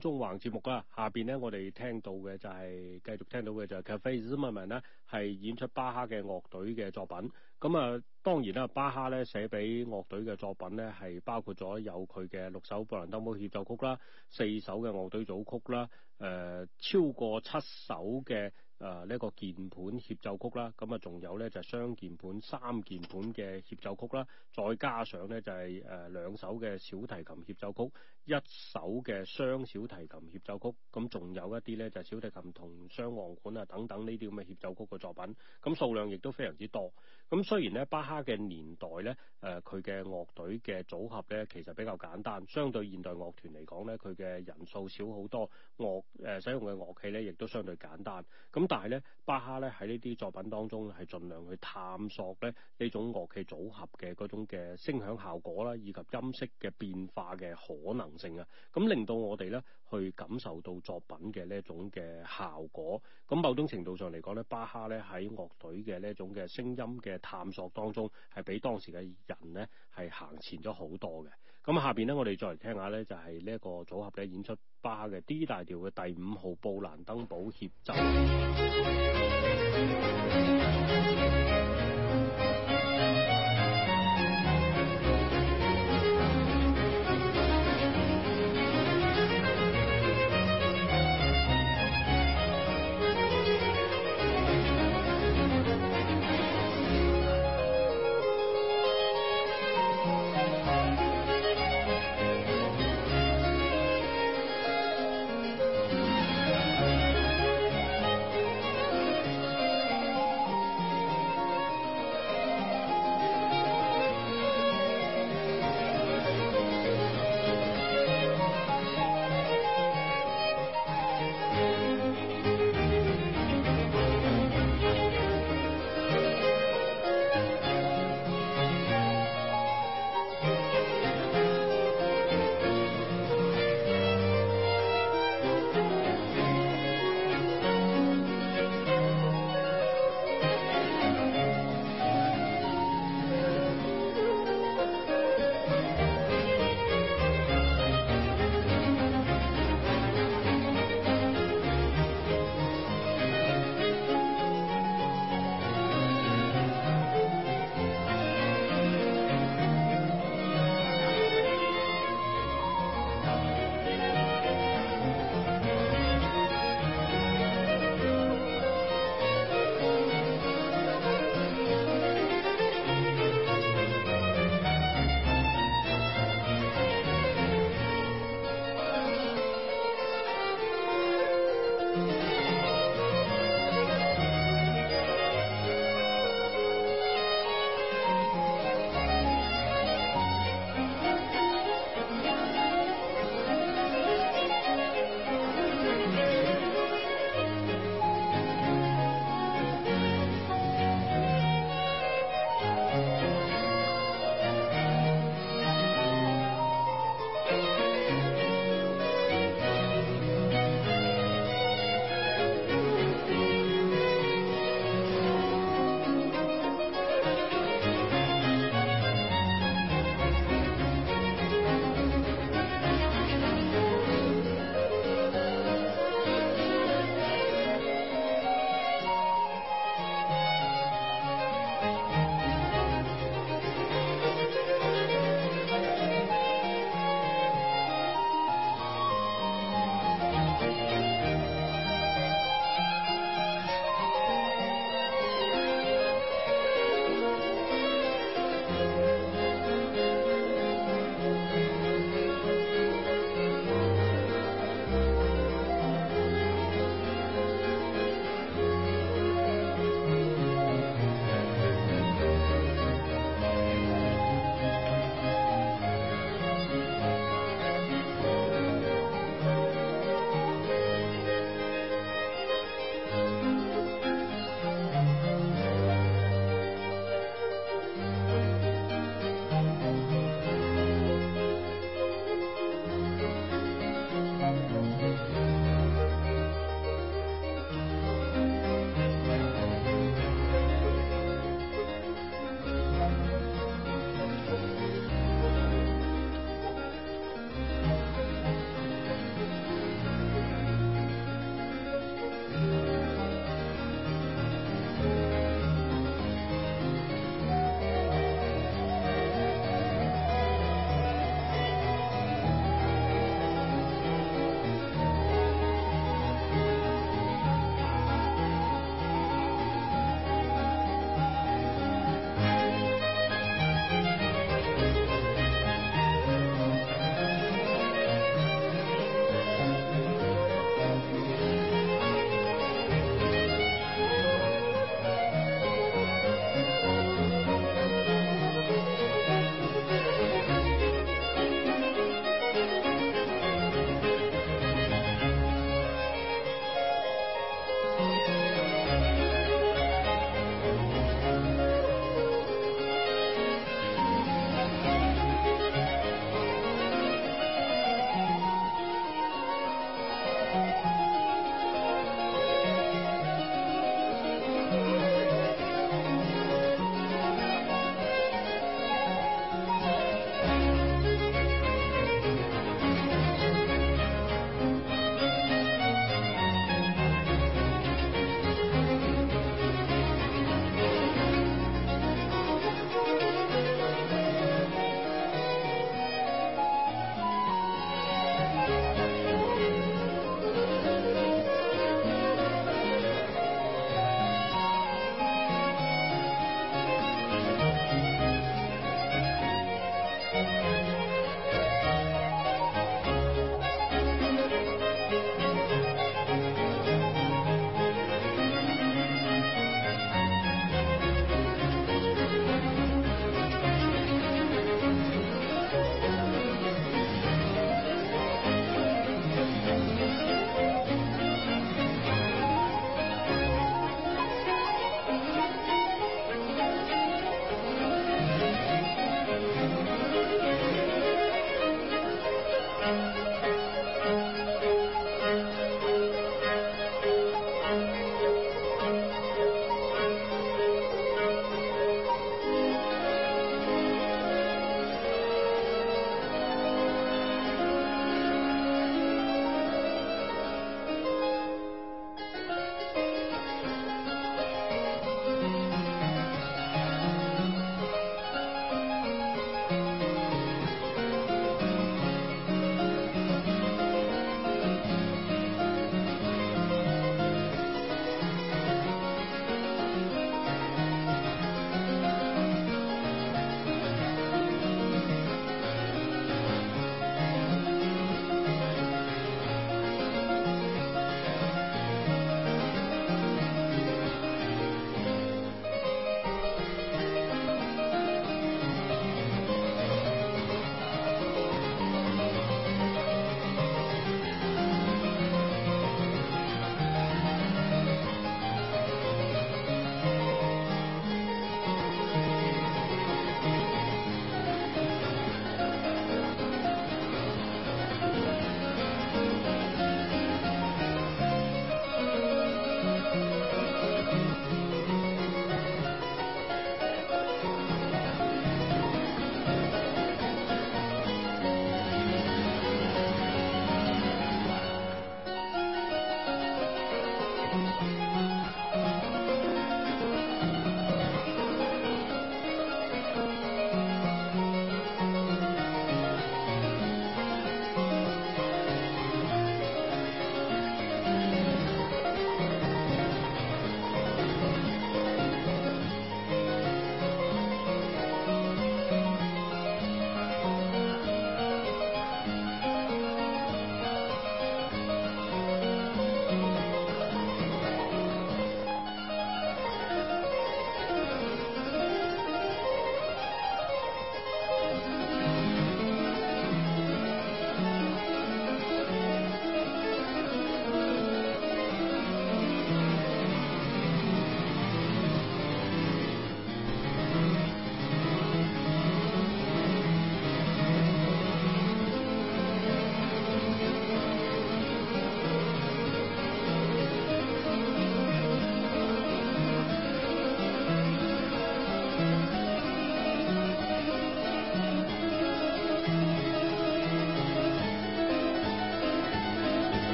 縱橫節目啊，下邊咧我哋聽到嘅就係、是、繼續聽到嘅就係 Cafe Zimmermann 咧，係演出巴哈嘅樂隊嘅作品。咁啊，當然啦，巴哈咧寫俾樂隊嘅作品咧係包括咗有佢嘅六首布蘭登堡協奏曲啦，四首嘅樂隊組曲啦，誒、呃、超過七首嘅誒呢一個鍵盤協奏曲啦，咁啊仲有咧就係雙鍵盤、三鍵盤嘅協奏曲啦，再加上咧就係、是、誒、呃、兩首嘅小提琴協奏曲。一首嘅雙小提琴協奏曲，咁仲有一啲咧，就係小提琴同雙簧管啊等等呢啲咁嘅協奏曲嘅作品，咁數量亦都非常之多。咁雖然咧巴哈嘅年代咧，誒佢嘅樂隊嘅組合咧，其實比較簡單，相對現代樂團嚟講咧，佢嘅人數少好多，樂誒、呃、使用嘅樂器咧，亦都相對簡單。咁但係咧，巴哈咧喺呢啲作品當中係盡量去探索咧呢種樂器組合嘅嗰種嘅聲響效果啦，以及音色嘅變化嘅可能性啊，咁令到我哋咧去感受到作品嘅呢一種嘅效果。咁某種程度上嚟講咧，巴哈咧喺樂隊嘅呢一種嘅聲音嘅探索當中，係比當時嘅人咧係行前咗好多嘅。咁下邊咧，我哋再嚟聽下咧，就係呢一個組合嘅演出巴哈嘅 D 大調嘅第五號布蘭登堡協奏。